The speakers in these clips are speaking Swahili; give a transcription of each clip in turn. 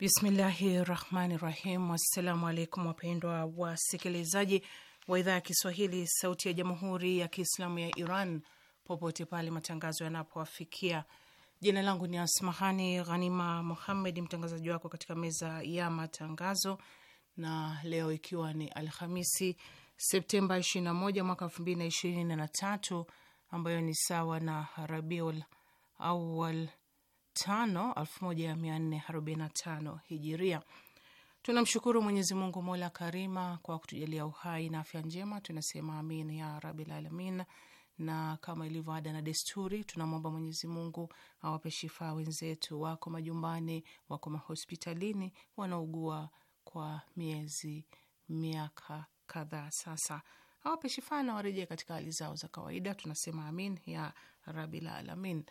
Bismillahi rahmani rahim. Assalamu alaikum wapendwa wasikilizaji wa idhaa ya Kiswahili sauti ya jamhuri ya Kiislamu ya Iran popote pale matangazo yanapowafikia. Jina langu ni Asmahani Ghanima Muhammed, mtangazaji wako katika meza ya matangazo, na leo ikiwa ni Alhamisi Septemba 21 mwaka 2023 ambayo ni sawa na Rabiul Awal tano hijiria. Tunamshukuru Mwenyezi Mungu mola karima kwa kutujalia uhai na afya njema, tunasema amin ya rabil alamin. Na kama ilivyo ada na desturi, tunamwomba Mwenyezi Mungu awape shifa wenzetu wako majumbani, wako mahospitalini, wanaugua kwa miezi, miaka kadhaa sasa, awape shifa na warejee katika hali zao za kawaida. Tunasema amin ya rabil alamin.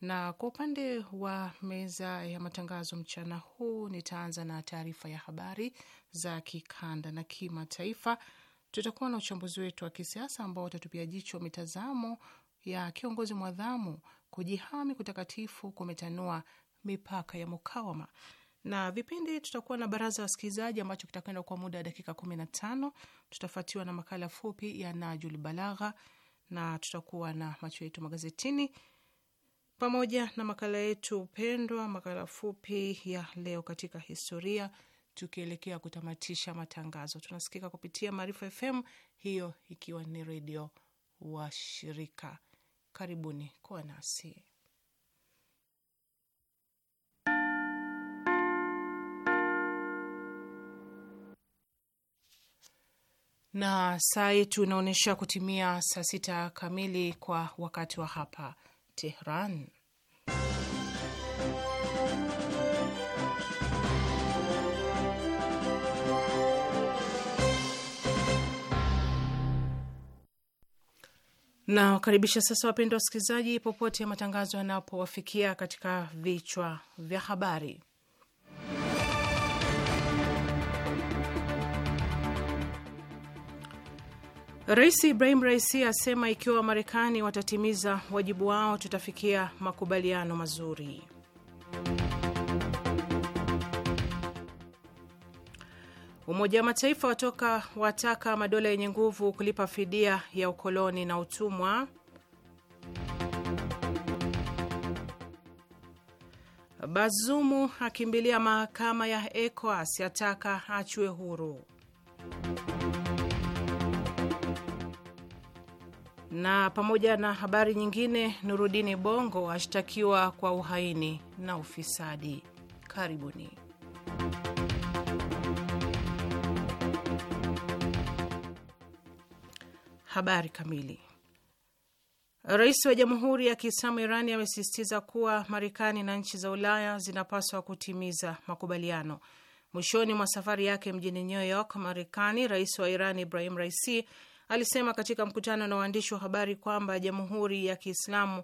Na kwa upande wa meza ya matangazo mchana huu, nitaanza na taarifa ya habari za kikanda na kimataifa. Tutakuwa na uchambuzi wetu wa kisiasa ambao utatupia jicho mitazamo ya kiongozi mwadhamu, kujihami kutakatifu kumetanua mipaka ya mukawama na vipindi tutakuwa na baraza la wasikilizaji ambacho kitakwenda kwa muda wa dakika kumi na tano. Tutafuatiwa na makala fupi ya Najul Balagha na tutakuwa na macho yetu magazetini pamoja na makala yetu pendwa, makala fupi ya leo katika historia, tukielekea kutamatisha matangazo. Tunasikika kupitia Maarifa FM, hiyo ikiwa ni redio wa shirika. Karibuni kuwa nasi. na saa yetu inaonyesha kutimia saa sita kamili kwa wakati wa hapa Tehran. Na wakaribisha sasa wapendwa wasikilizaji, popote matangazo yanapowafikia, katika vichwa vya habari. Rais Ibrahim Raisi asema ikiwa Wamarekani watatimiza wajibu wao tutafikia makubaliano mazuri. Umoja wa Mataifa watoka wataka madola yenye nguvu kulipa fidia ya ukoloni na utumwa. Bazumu akimbilia mahakama ya ECOWAS, yataka achue huru. na pamoja na habari nyingine, Nurudini Bongo ashtakiwa kwa uhaini na ufisadi. Karibuni. Habari kamili. Rais wa Jamhuri ya Kiislamu Irani amesisitiza kuwa Marekani na nchi za Ulaya zinapaswa kutimiza makubaliano. Mwishoni mwa safari yake mjini New York, Marekani, rais wa Iran Ibrahim Raisi alisema katika mkutano na waandishi wa habari kwamba Jamhuri ya Kiislamu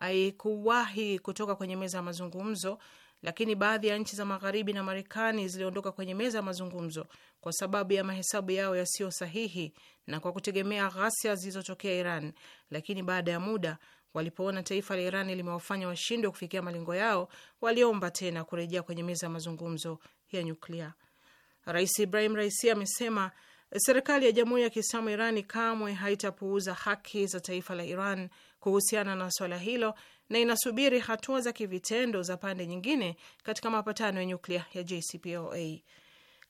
haikuwahi kutoka kwenye meza ya mazungumzo, lakini baadhi ya nchi za Magharibi na Marekani ziliondoka kwenye meza ya mazungumzo kwa sababu ya mahesabu yao yasiyo sahihi na kwa kutegemea ghasia zilizotokea Iran, lakini baada ya muda walipoona taifa la Iran limewafanya washindwe kufikia malengo yao, waliomba tena kurejea kwenye meza ya mazungumzo ya nyuklia. Rais Ibrahim Raisi amesema Serikali ya Jamhuri ya Kiislamu Irani kamwe haitapuuza haki za taifa la Iran kuhusiana na swala hilo na inasubiri hatua za kivitendo za pande nyingine katika mapatano ya nyuklia ya JCPOA.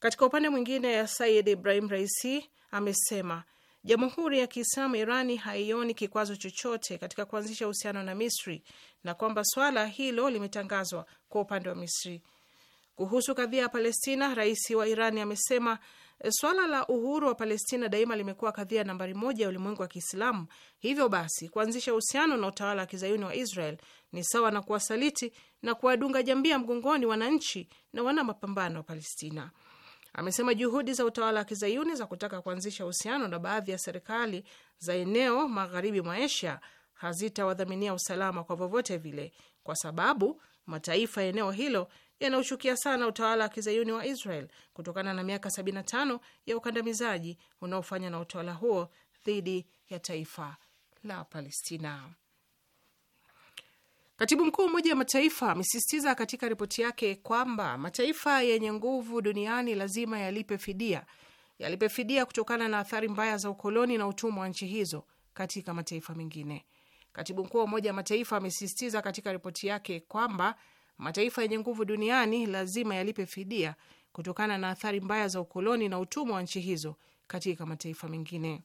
Katika upande mwingine, ya Said Ibrahim Raisi amesema Jamhuri ya Kiislamu Irani haioni kikwazo chochote katika kuanzisha uhusiano na Misri na kwamba swala hilo limetangazwa kwa upande wa Misri. Kuhusu kadhia ya Palestina, rais wa Irani amesema Eh, swala la uhuru wa Palestina daima limekuwa kadhia nambari moja ya ulimwengu wa Kiislamu. Hivyo basi, kuanzisha uhusiano na utawala wa kizayuni wa Israel ni sawa na kuwasaliti na kuwadunga jambia mgongoni wananchi na wana mapambano wa Palestina. Amesema juhudi za utawala wa kizayuni za kutaka kuanzisha uhusiano na baadhi ya serikali za eneo magharibi mwa Asia hazitawadhaminia usalama kwa vyovyote vile, kwa sababu mataifa ya eneo hilo yanaoshukia sana utawala wa kizayuni wa Israel kutokana na miaka 75 ya ukandamizaji unaofanywa na utawala huo dhidi ya taifa la Palestina. Katibu mkuu wa Umoja wa Mataifa amesisitiza katika ripoti yake kwamba mataifa yenye nguvu duniani lazima yalipe fidia, yalipe fidia kutokana na athari mbaya za ukoloni na utumwa wa nchi hizo katika mataifa mengine. Katibu mkuu wa Umoja wa Mataifa amesisitiza katika ripoti yake kwamba mataifa yenye nguvu duniani lazima yalipe fidia kutokana na athari mbaya za ukoloni na utumwa wa nchi hizo katika mataifa mengine.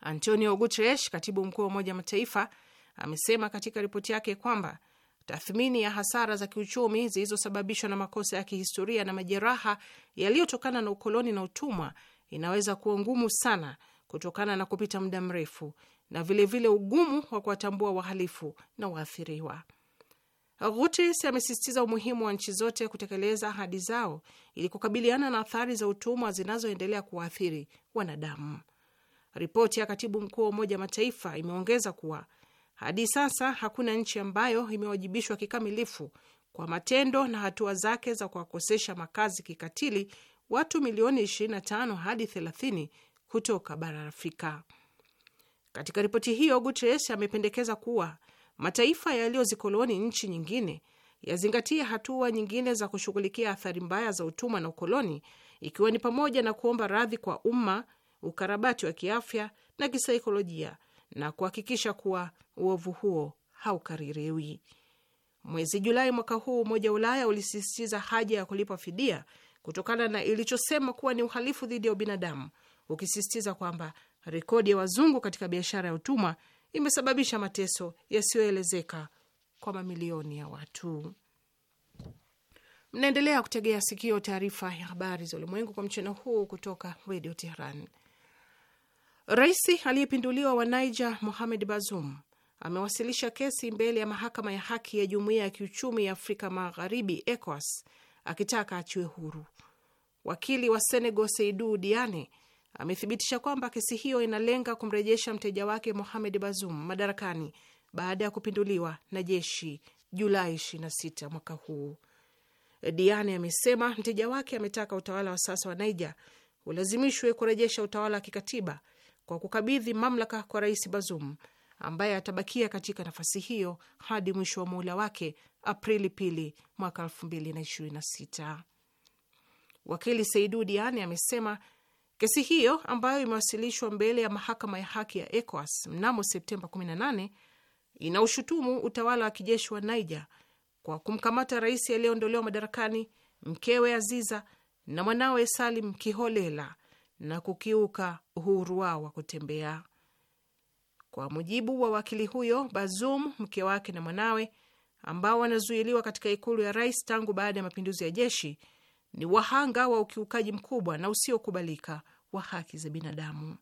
Antonio Guterres, katibu mkuu wa Umoja wa Mataifa, amesema katika ripoti yake kwamba tathmini ya hasara za kiuchumi zilizosababishwa na makosa ya kihistoria na majeraha yaliyotokana na ukoloni na utumwa inaweza kuwa ngumu sana kutokana na kupita muda mrefu na vilevile vile ugumu wa kuwatambua wahalifu na waathiriwa. Gutis amesisitiza umuhimu wa nchi zote kutekeleza ahadi zao ili kukabiliana na athari za utumwa zinazoendelea kuwaathiri wanadamu. Ripoti ya katibu mkuu wa Umoja Mataifa imeongeza kuwa hadi sasa hakuna nchi ambayo imewajibishwa kikamilifu kwa matendo na hatua zake za kuwakosesha makazi kikatili watu milioni 25 hadi 30 kutoka bara Afrika. Katika ripoti hiyo, Guterres amependekeza kuwa mataifa yaliyozikoloni nchi nyingine yazingatie hatua nyingine za kushughulikia athari mbaya za utumwa na ukoloni, ikiwa ni pamoja na kuomba radhi kwa umma, ukarabati wa kiafya na kisaikolojia, na kuhakikisha kuwa uovu huo haukaririwi. Mwezi Julai mwaka huu, Umoja wa Ulaya ulisisitiza haja ya kulipa fidia kutokana na ilichosema kuwa ni uhalifu dhidi ya ubinadamu, ukisisitiza kwamba rekodi ya wazungu katika biashara ya utumwa imesababisha mateso yasiyoelezeka kwa mamilioni ya watu. Mnaendelea kutegea sikio taarifa ya habari za ulimwengu kwa mchana huu kutoka redio Tehran. Rais aliyepinduliwa wa Niger Mohamed Bazoum amewasilisha kesi mbele ya mahakama ya haki ya jumuiya ya kiuchumi ya Afrika Magharibi, ECOWAS, akitaka achiwe huru. Wakili wa Senegal Seydou Diane amethibitisha kwamba kesi hiyo inalenga kumrejesha mteja wake Mohamed Bazoum madarakani baada ya kupinduliwa na jeshi Julai 26 mwaka huu. Diane amesema mteja wake ametaka utawala wa sasa wa Niger ulazimishwe kurejesha utawala wa kikatiba kwa kukabidhi mamlaka kwa Rais Bazoum ambaye atabakia katika nafasi hiyo hadi mwisho wa muhula wake Aprili pili mwaka 2026. Wakili Seidu Diane amesema Kesi hiyo ambayo imewasilishwa mbele ya mahakama ya haki ya ECOWAS mnamo Septemba 18 inaushutumu utawala wa kijeshi wa Niger kwa kumkamata rais aliyeondolewa madarakani, mkewe Aziza na mwanawe Salim kiholela na kukiuka uhuru wao wa kutembea. Kwa mujibu wa wakili huyo, Bazoum, mke wake na mwanawe ambao wanazuiliwa katika ikulu ya rais tangu baada ya mapinduzi ya jeshi ni wahanga wa ukiukaji mkubwa na usiokubalika wa haki za binadamu.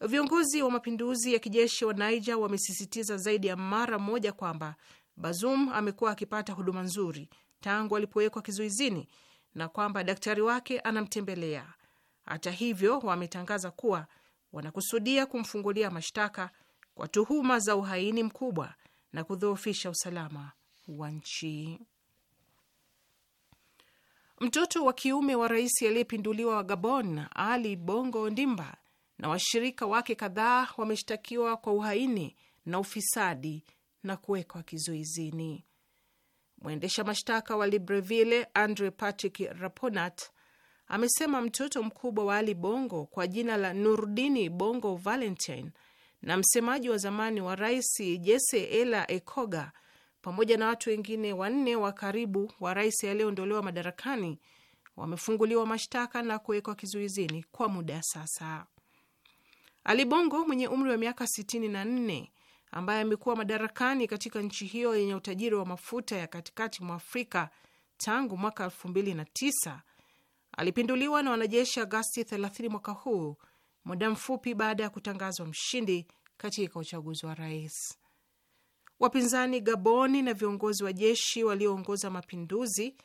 Viongozi wa mapinduzi ya kijeshi wa Niger wamesisitiza zaidi ya mara moja kwamba Bazoum amekuwa akipata huduma nzuri tangu alipowekwa kizuizini na kwamba daktari wake anamtembelea. Hata hivyo, wametangaza kuwa wanakusudia kumfungulia mashtaka kwa tuhuma za uhaini mkubwa na kudhoofisha usalama wa nchi mtoto wa kiume wa rais aliyepinduliwa wa Gabon, Ali Bongo Ndimba, na washirika wake kadhaa wameshtakiwa kwa uhaini na ufisadi na kuwekwa kizuizini. Mwendesha mashtaka wa Libreville Andre Patrick Raponat amesema mtoto mkubwa wa Ali Bongo kwa jina la Nurdini Bongo Valentine na msemaji wa zamani wa rais Jesse Ela Ekoga pamoja na watu wengine wanne wa karibu wa rais aliyeondolewa madarakani wamefunguliwa mashtaka na kuwekwa kizuizini kwa muda sasa. Ali Bongo mwenye umri wa miaka 64 ambaye amekuwa madarakani katika nchi hiyo yenye utajiri wa mafuta ya katikati mwa Afrika tangu mwaka 2009 alipinduliwa na wanajeshi Agasti 30 mwaka huu, muda mfupi baada ya kutangazwa mshindi katika uchaguzi wa rais. Wapinzani Gaboni na viongozi wa jeshi walioongoza mapinduzi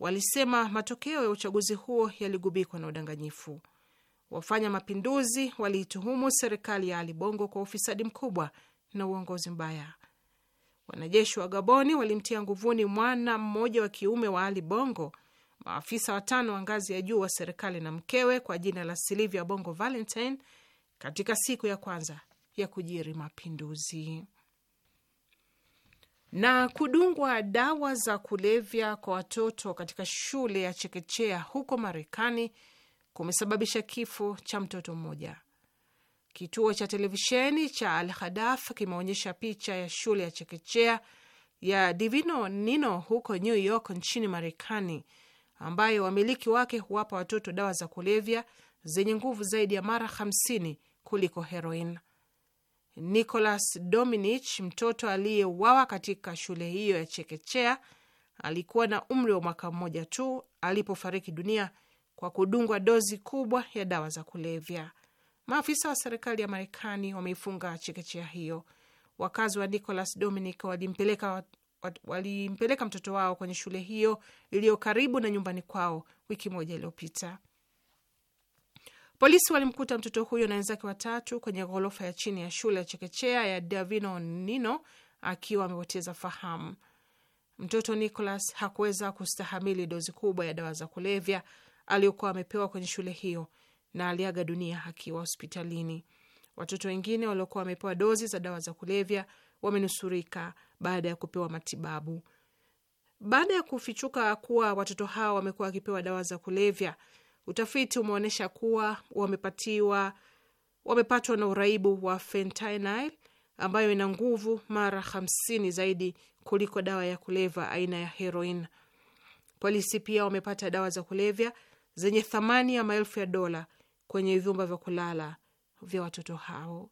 walisema matokeo ya uchaguzi huo yaligubikwa na udanganyifu. Wafanya mapinduzi waliituhumu serikali ya Ali Bongo kwa ufisadi mkubwa na uongozi mbaya. Wanajeshi wa Gaboni walimtia nguvuni mwana mmoja wa kiume wa Ali Bongo, maafisa watano wa ngazi ya juu wa serikali na mkewe kwa jina la Silivia Bongo Valentine katika siku ya kwanza ya kujiri mapinduzi na kudungwa dawa za kulevya kwa watoto katika shule ya chekechea huko Marekani kumesababisha kifo cha mtoto mmoja. Kituo cha televisheni cha Al Hadaf kimeonyesha picha ya shule ya chekechea ya Divino Nino huko New York nchini Marekani, ambayo wamiliki wake huwapa watoto dawa za kulevya zenye nguvu zaidi ya mara 50 kuliko heroin nicolas Dominich, mtoto aliyeuawa katika shule hiyo ya chekechea, alikuwa na umri wa mwaka mmoja tu alipofariki dunia kwa kudungwa dozi kubwa ya dawa za kulevya. Maafisa wa serikali ya Marekani wameifunga chekechea hiyo. Wakazi wa nicolas Dominic walimpeleka walimpeleka mtoto wao kwenye shule hiyo iliyo karibu na nyumbani kwao wiki moja iliyopita. Polisi walimkuta mtoto huyo na wenzake watatu kwenye ghorofa ya chini ya shule ya chekechea ya Davino Nino akiwa amepoteza fahamu. Mtoto Nicholas hakuweza kustahamili dozi kubwa ya dawa za kulevya aliyokuwa amepewa kwenye shule hiyo na aliaga dunia akiwa hospitalini. Watoto wengine waliokuwa wamepewa dozi za dawa za kulevya wamenusurika baada ya kupewa matibabu. Baada ya kufichuka kuwa watoto hao wamekuwa wakipewa dawa za kulevya, Utafiti umeonyesha kuwa wamepatiwa wamepatwa na uraibu wa fentanyl ambayo ina nguvu mara hamsini zaidi kuliko dawa ya kuleva aina ya heroin. Polisi pia wamepata dawa za kulevya zenye thamani ya maelfu ya dola kwenye vyumba vya kulala vya watoto hao.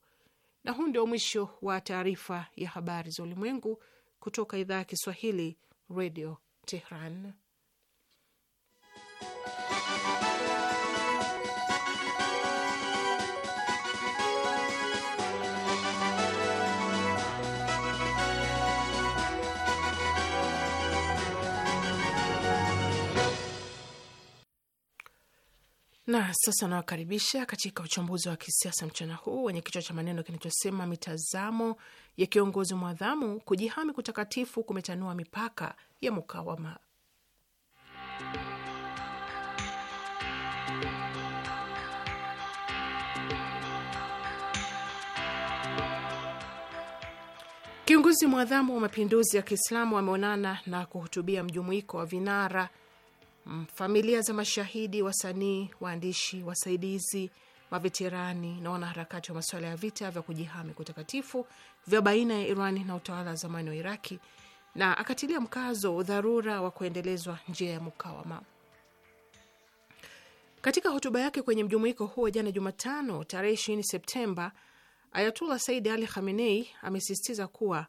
Na huu ndio mwisho wa taarifa ya habari za ulimwengu kutoka idhaa ya Kiswahili, Radio Tehran. Na sasa nawakaribisha katika uchambuzi wa kisiasa mchana huu wenye kichwa cha maneno kinachosema mitazamo ya kiongozi mwadhamu kujihami kutakatifu kumetanua mipaka ya mukawama. Kiongozi mwadhamu wa mapinduzi ya Kiislamu ameonana na kuhutubia mjumuiko wa vinara Mm, familia za mashahidi, wasanii, waandishi, wasaidizi, maveterani na wanaharakati wa masuala ya vita vya kujihami kutakatifu vya baina ya Iran na utawala wa zamani wa Iraki, na akatilia mkazo dharura wa kuendelezwa njia ya mukawama. Katika hotuba yake kwenye mjumuiko huo jana Jumatano tarehe ih Septemba, Ayatullah Said Ali Khamenei amesisitiza kuwa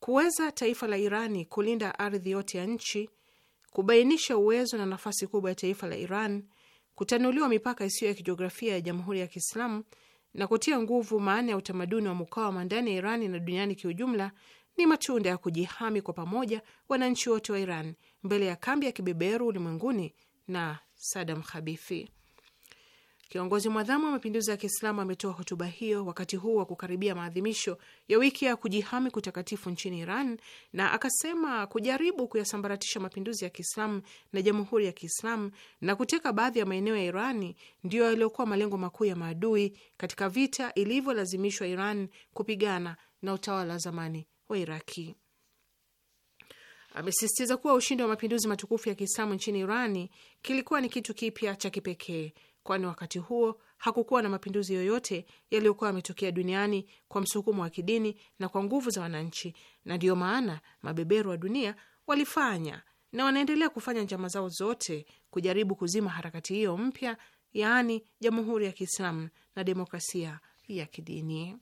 kuweza taifa la Irani kulinda ardhi yote ya nchi kubainisha uwezo na nafasi kubwa ya taifa la Iran, kutanuliwa mipaka isiyo ya kijiografia ya Jamhuri ya Kiislamu na kutia nguvu maana ya utamaduni wa mukawama ndani ya Irani na duniani kiujumla ni matunda ya kujihami kwa pamoja wananchi wote wa Iran mbele ya kambi ya kibeberu ulimwenguni na Sadam Khabifi. Kiongozi mwadhamu wa mapinduzi ya Kiislamu ametoa hotuba hiyo wakati huu wa kukaribia maadhimisho ya wiki ya kujihami kutakatifu nchini Iran, na akasema kujaribu kuyasambaratisha mapinduzi ya Kiislamu na jamhuri ya Kiislamu na kuteka baadhi ya maeneo ya Irani ndiyo yaliyokuwa malengo makuu ya maadui katika vita ilivyolazimishwa Iran kupigana na utawala wa zamani wa Iraki. Amesisitiza kuwa ushindi wa mapinduzi matukufu ya Kiislamu nchini Irani kilikuwa ni kitu kipya cha kipekee kwani wakati huo hakukuwa na mapinduzi yoyote yaliyokuwa yametokea duniani kwa msukumo wa kidini na kwa nguvu za wananchi, na ndiyo maana mabeberu wa dunia walifanya na wanaendelea kufanya njama zao zote kujaribu kuzima harakati hiyo mpya, yaani Jamhuri ya Kiislamu na demokrasia ya kidini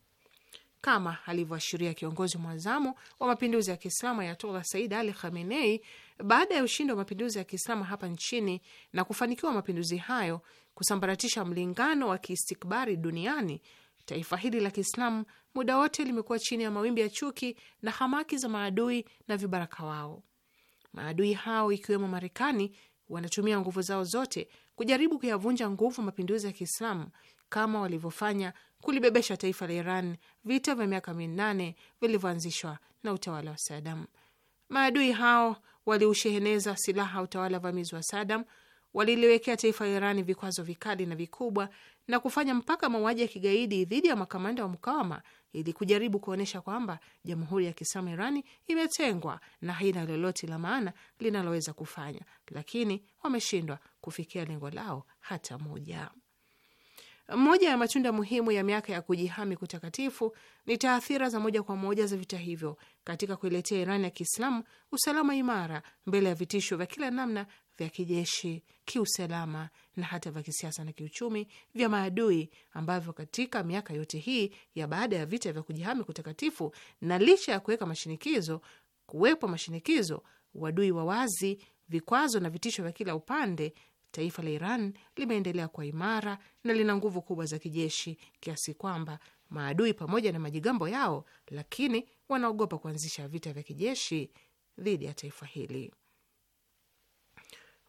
kama alivyoashiria kiongozi mwazamu wa mapinduzi ya Kiislamu Ayatollah Said Ali Khamenei baada ya ushindi wa mapinduzi ya Kiislamu hapa nchini na kufanikiwa mapinduzi hayo kusambaratisha mlingano wa kiistikbari duniani, taifa hili la Kiislamu muda wote limekuwa chini ya mawimbi ya chuki na hamaki za maadui na vibaraka wao. Maadui hao ikiwemo Marekani wanatumia nguvu zao zote kujaribu kuyavunja nguvu mapinduzi ya Kiislamu kama walivyofanya kulibebesha taifa la Iran vita vya miaka minane vilivyoanzishwa na utawala wa Sadam. Maadui hao waliusheheneza silaha utawala vamizi wa Sadam, waliliwekea taifa la Irani vikwazo vikali na vikubwa na kufanya mpaka mauaji ya kigaidi dhidi ya makamanda wa mkawama ili kujaribu kuonyesha kwamba Jamhuri ya Kiislamu Irani imetengwa na haina lolote la maana linaloweza kufanya, lakini wameshindwa kufikia lengo lao hata moja. Moja ya matunda muhimu ya miaka ya kujihami kutakatifu ni taathira za moja kwa moja za vita hivyo katika kuiletea Irani ya Kiislamu usalama imara mbele ya vitisho vya kila namna vya kijeshi, kiusalama na hata vya kisiasa na kiuchumi vya maadui ambavyo katika miaka yote hii ya baada ya vita vya kujihami kutakatifu na licha ya kuweka mashinikizo, kuwepo mashinikizo, uadui wa wazi, vikwazo na vitisho vya kila upande, taifa la Iran limeendelea kwa imara na lina nguvu kubwa za kijeshi kiasi kwamba maadui pamoja na majigambo yao, lakini wanaogopa kuanzisha vita vya kijeshi dhidi ya taifa hili.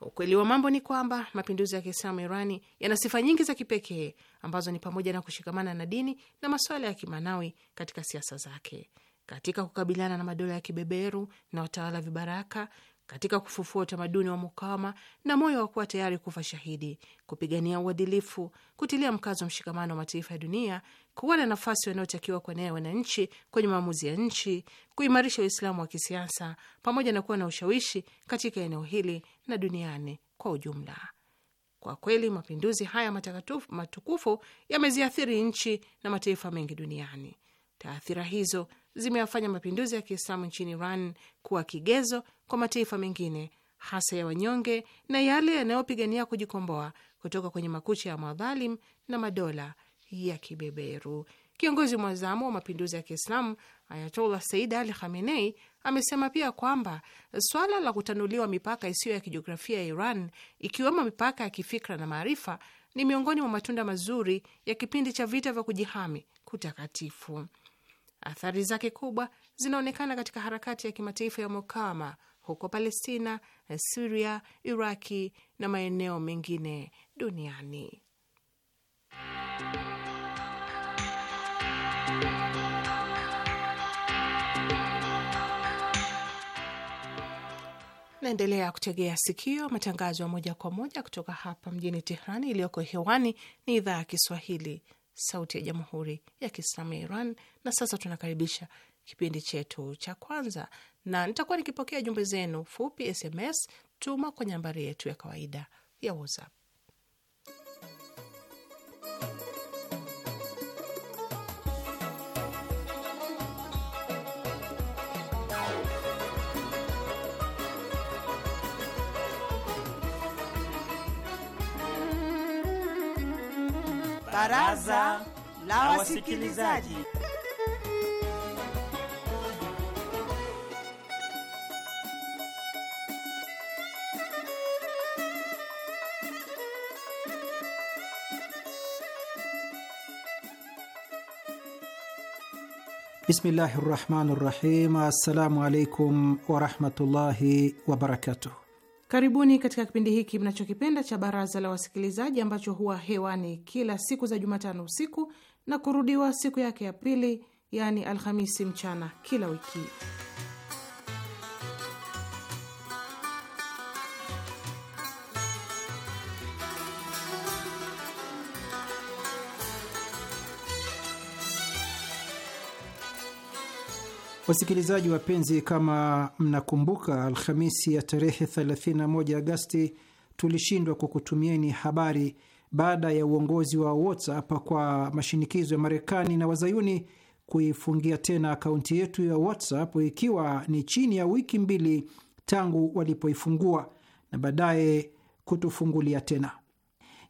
Ukweli wa mambo ni kwamba mapinduzi ya Kiislamu Irani yana sifa nyingi za kipekee ambazo ni pamoja na kushikamana na dini na masuala ya kimanawi katika siasa zake, katika kukabiliana na madola ya kibeberu na watawala vibaraka, katika kufufua utamaduni wa mukawama na moyo wa kuwa tayari kufa shahidi kupigania uadilifu, kutilia mkazo mshikamano wa mataifa ya dunia, kuwa na nafasi wanayotakiwa kwa ya wananchi kwenye maamuzi ya nchi, kuimarisha Uislamu wa kisiasa, pamoja na kuwa na ushawishi katika eneo hili na duniani kwa ujumla. Kwa kweli mapinduzi haya matakatifu matukufu yameziathiri nchi na mataifa mengi duniani. Taathira hizo zimeyafanya mapinduzi ya Kiislamu nchini Iran kuwa kigezo kwa mataifa mengine hasa ya wanyonge na yale yanayopigania kujikomboa kutoka kwenye makucha ya madhalim na madola ya kibeberu. Kiongozi mwazamu wa mapinduzi ya Kiislamu Ayatollah Said Ali Khamenei amesema pia kwamba swala la kutanuliwa mipaka isiyo ya kijiografia ya Iran, ikiwemo mipaka ya kifikra na maarifa, ni miongoni mwa matunda mazuri ya kipindi cha vita vya kujihami kutakatifu. Athari zake kubwa zinaonekana katika harakati ya kimataifa ya mukawama huko Palestina, Siria, Iraki na maeneo mengine duniani. Naendelea kutegea sikio matangazo ya moja kwa moja kutoka hapa mjini Tehrani. Iliyoko hewani ni idhaa ya Kiswahili sauti ya jamhuri ya kiislamu ya Iran. Na sasa tunakaribisha kipindi chetu cha kwanza, na nitakuwa nikipokea jumbe zenu fupi SMS. Tuma kwa nambari yetu ya kawaida ya WhatsApp. Baraza la Wasikilizaji. Bismillahi rahmani rahim. Assalamu alaikum warahmatullahi wabarakatuh. Karibuni katika kipindi hiki mnachokipenda cha Baraza la Wasikilizaji, ambacho huwa hewani kila siku za Jumatano usiku na kurudiwa siku yake ya pili, yaani Alhamisi mchana kila wiki. Wasikilizaji wapenzi, kama mnakumbuka, Alhamisi ya tarehe 31 Agasti tulishindwa kukutumieni habari baada ya uongozi wa WhatsApp kwa mashinikizo ya Marekani na Wazayuni kuifungia tena akaunti yetu ya WhatsApp ikiwa ni chini ya wiki mbili tangu walipoifungua na baadaye kutufungulia tena.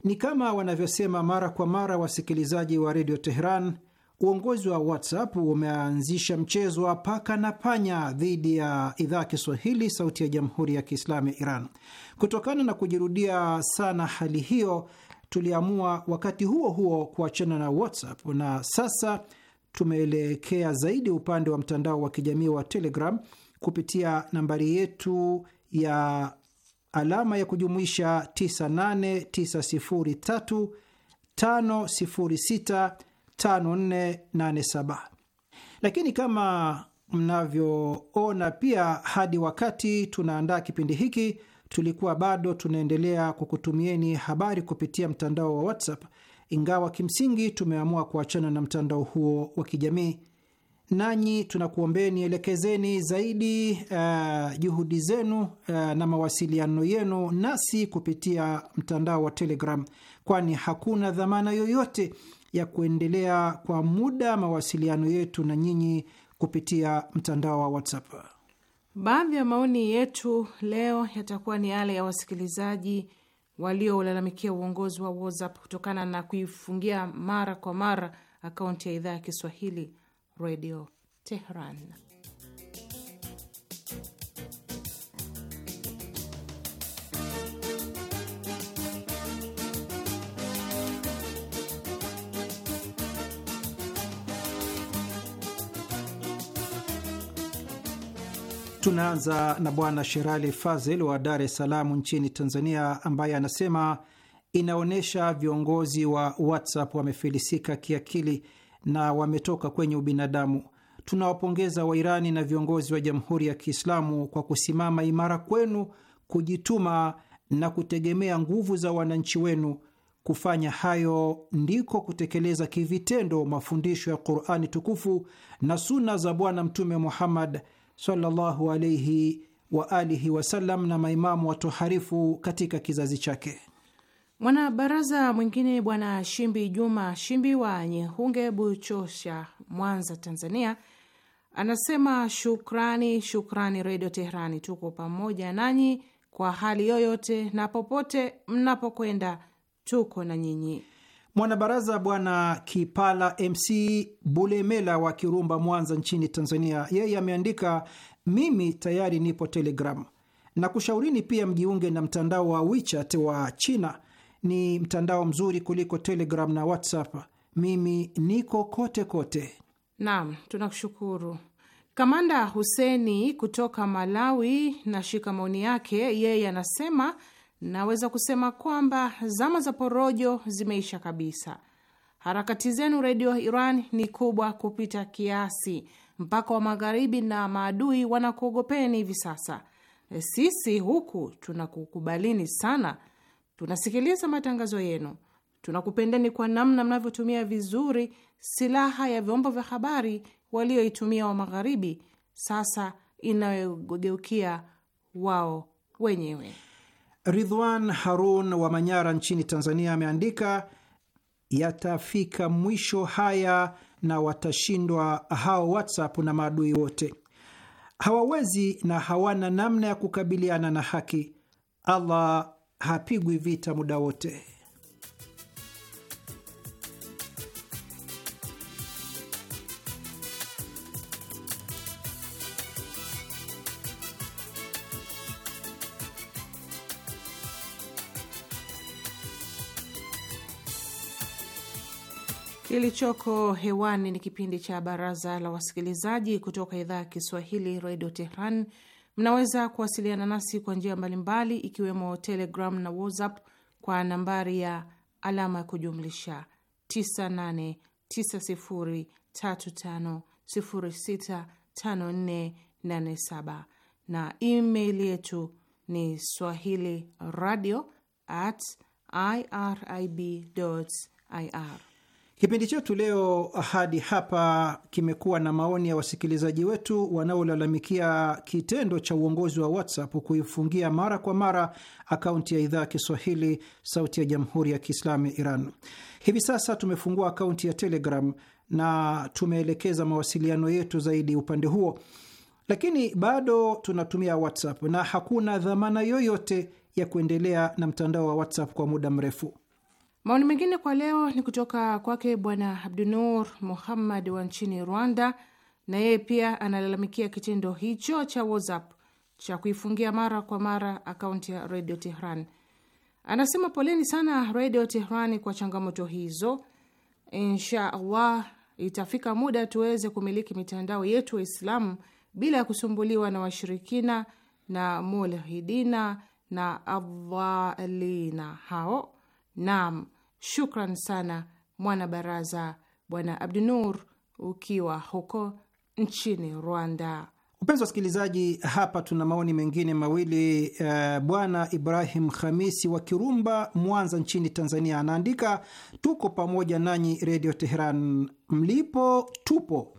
Ni kama wanavyosema mara kwa mara wasikilizaji wa redio Teheran Uongozi wa WhatsApp umeanzisha mchezo wa paka na panya dhidi ya idhaa Kiswahili sauti ya jamhuri ya Kiislamu ya Iran. Kutokana na kujirudia sana hali hiyo, tuliamua wakati huo huo kuachana na WhatsApp na sasa tumeelekea zaidi upande wa mtandao wa kijamii wa Telegram kupitia nambari yetu ya alama ya kujumuisha 98903506 5487. Lakini kama mnavyoona pia, hadi wakati tunaandaa kipindi hiki tulikuwa bado tunaendelea kukutumieni habari kupitia mtandao wa WhatsApp, ingawa kimsingi tumeamua kuachana na mtandao huo wa kijamii. Nanyi tunakuombeni elekezeni zaidi uh, juhudi zenu uh, na mawasiliano yenu nasi kupitia mtandao wa Telegram, kwani hakuna dhamana yoyote ya kuendelea kwa muda mawasiliano yetu na nyinyi kupitia mtandao wa WhatsApp. Baadhi ya maoni yetu leo yatakuwa ni yale ya wasikilizaji waliolalamikia uongozi wa WhatsApp kutokana na kuifungia mara kwa mara akaunti ya idhaa ya Kiswahili Radio Tehran. Tunaanza na Bwana Sherali fazel wa Dar es Salaam nchini Tanzania, ambaye anasema inaonyesha viongozi wa WhatsApp wamefilisika kiakili na wametoka kwenye ubinadamu. Tunawapongeza Wairani na viongozi wa Jamhuri ya Kiislamu kwa kusimama imara kwenu, kujituma na kutegemea nguvu za wananchi wenu. Kufanya hayo ndiko kutekeleza kivitendo mafundisho ya Qurani tukufu na suna za Bwana Mtume Muhammad sallallahu alaihi wa alihi wasallam na maimamu watoharifu katika kizazi chake. Mwanabaraza mwingine Bwana Shimbi Juma Shimbi wa Nyehunge, Buchosha, Mwanza, Tanzania, anasema shukrani, shukrani Redio Teherani, tuko pamoja nanyi kwa hali yoyote na popote mnapokwenda, tuko na nyinyi. Mwanabaraza Bwana Kipala MC Bulemela wa Kirumba, Mwanza nchini Tanzania, yeye ameandika mimi tayari nipo Telegram na kushaurini pia mjiunge na mtandao wa WeChat wa China. Ni mtandao mzuri kuliko Telegram na WhatsApp. Mimi niko kote kote. Naam, tunakushukuru Kamanda Huseni kutoka Malawi. Nashika maoni yake, yeye anasema naweza kusema kwamba zama za porojo zimeisha kabisa. Harakati zenu Redio Iran ni kubwa kupita kiasi mpaka wa magharibi na maadui wanakuogopeni hivi sasa. Sisi huku tunakukubalini sana, tunasikiliza matangazo yenu, tunakupendeni kwa namna mnavyotumia vizuri silaha ya vyombo vya habari walioitumia wa magharibi, sasa inayogeukia wao wenyewe. Ridwan Harun wa Manyara nchini Tanzania ameandika yatafika mwisho haya na watashindwa hao WhatsApp na maadui wote, hawawezi na hawana namna ya kukabiliana na haki. Allah hapigwi vita muda wote. Kilichoko hewani ni kipindi cha Baraza la Wasikilizaji kutoka idhaa ya Kiswahili Redio Tehran. Mnaweza kuwasiliana nasi kwa njia mbalimbali, ikiwemo Telegram na WhatsApp kwa nambari ya alama ya kujumlisha 989035065487 na email yetu ni swahili radio at irib ir Kipindi chetu leo hadi hapa kimekuwa na maoni ya wasikilizaji wetu wanaolalamikia kitendo cha uongozi wa WhatsApp kuifungia mara kwa mara akaunti ya idhaa ya Kiswahili Sauti ya Jamhuri ya Kiislamu ya Iran. Hivi sasa tumefungua akaunti ya Telegram na tumeelekeza mawasiliano yetu zaidi upande huo, lakini bado tunatumia WhatsApp na hakuna dhamana yoyote ya kuendelea na mtandao wa WhatsApp kwa muda mrefu. Maoni mengine kwa leo ni kutoka kwake Bwana Abdunur Muhammad wa nchini Rwanda, na yeye pia analalamikia kitendo hicho cha WhatsApp cha kuifungia mara kwa mara akaunti ya redio Tehran. Anasema poleni sana redio Tehran kwa changamoto hizo. Insha allah itafika muda tuweze kumiliki mitandao yetu Waislamu bila ya kusumbuliwa na washirikina na mulhidina na adhalina hao. Naam, Shukran sana mwana baraza Bwana Abdunur ukiwa huko nchini Rwanda. Mpenzi wasikilizaji, hapa tuna maoni mengine mawili. Uh, bwana Ibrahim Khamisi wa Kirumba, Mwanza nchini Tanzania anaandika, tuko pamoja nanyi Redio Teheran, mlipo tupo.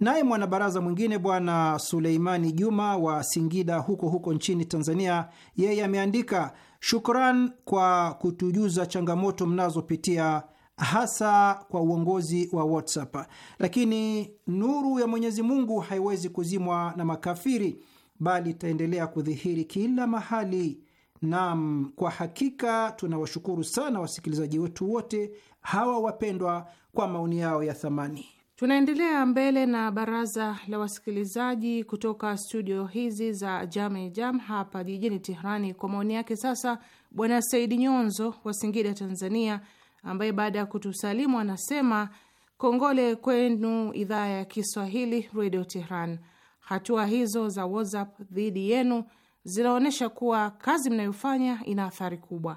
Naye mwanabaraza mwingine bwana Suleimani Juma wa Singida huko huko nchini Tanzania, yeye ameandika Shukran kwa kutujuza changamoto mnazopitia hasa kwa uongozi wa WhatsApp, lakini nuru ya Mwenyezi Mungu haiwezi kuzimwa na makafiri, bali itaendelea kudhihiri kila mahali. Naam, kwa hakika tunawashukuru sana wasikilizaji wetu wote hawa wapendwa kwa maoni yao ya thamani. Tunaendelea mbele na baraza la wasikilizaji kutoka studio hizi za Jame Jam hapa jijini Tehrani. Kwa maoni yake sasa, Bwana Saidi Nyonzo wa Singida, Tanzania, ambaye baada ya kutusalimu anasema kongole kwenu idhaa ya Kiswahili redio Tehran. Hatua hizo za WhatsApp dhidi yenu zinaonyesha kuwa kazi mnayofanya ina athari kubwa.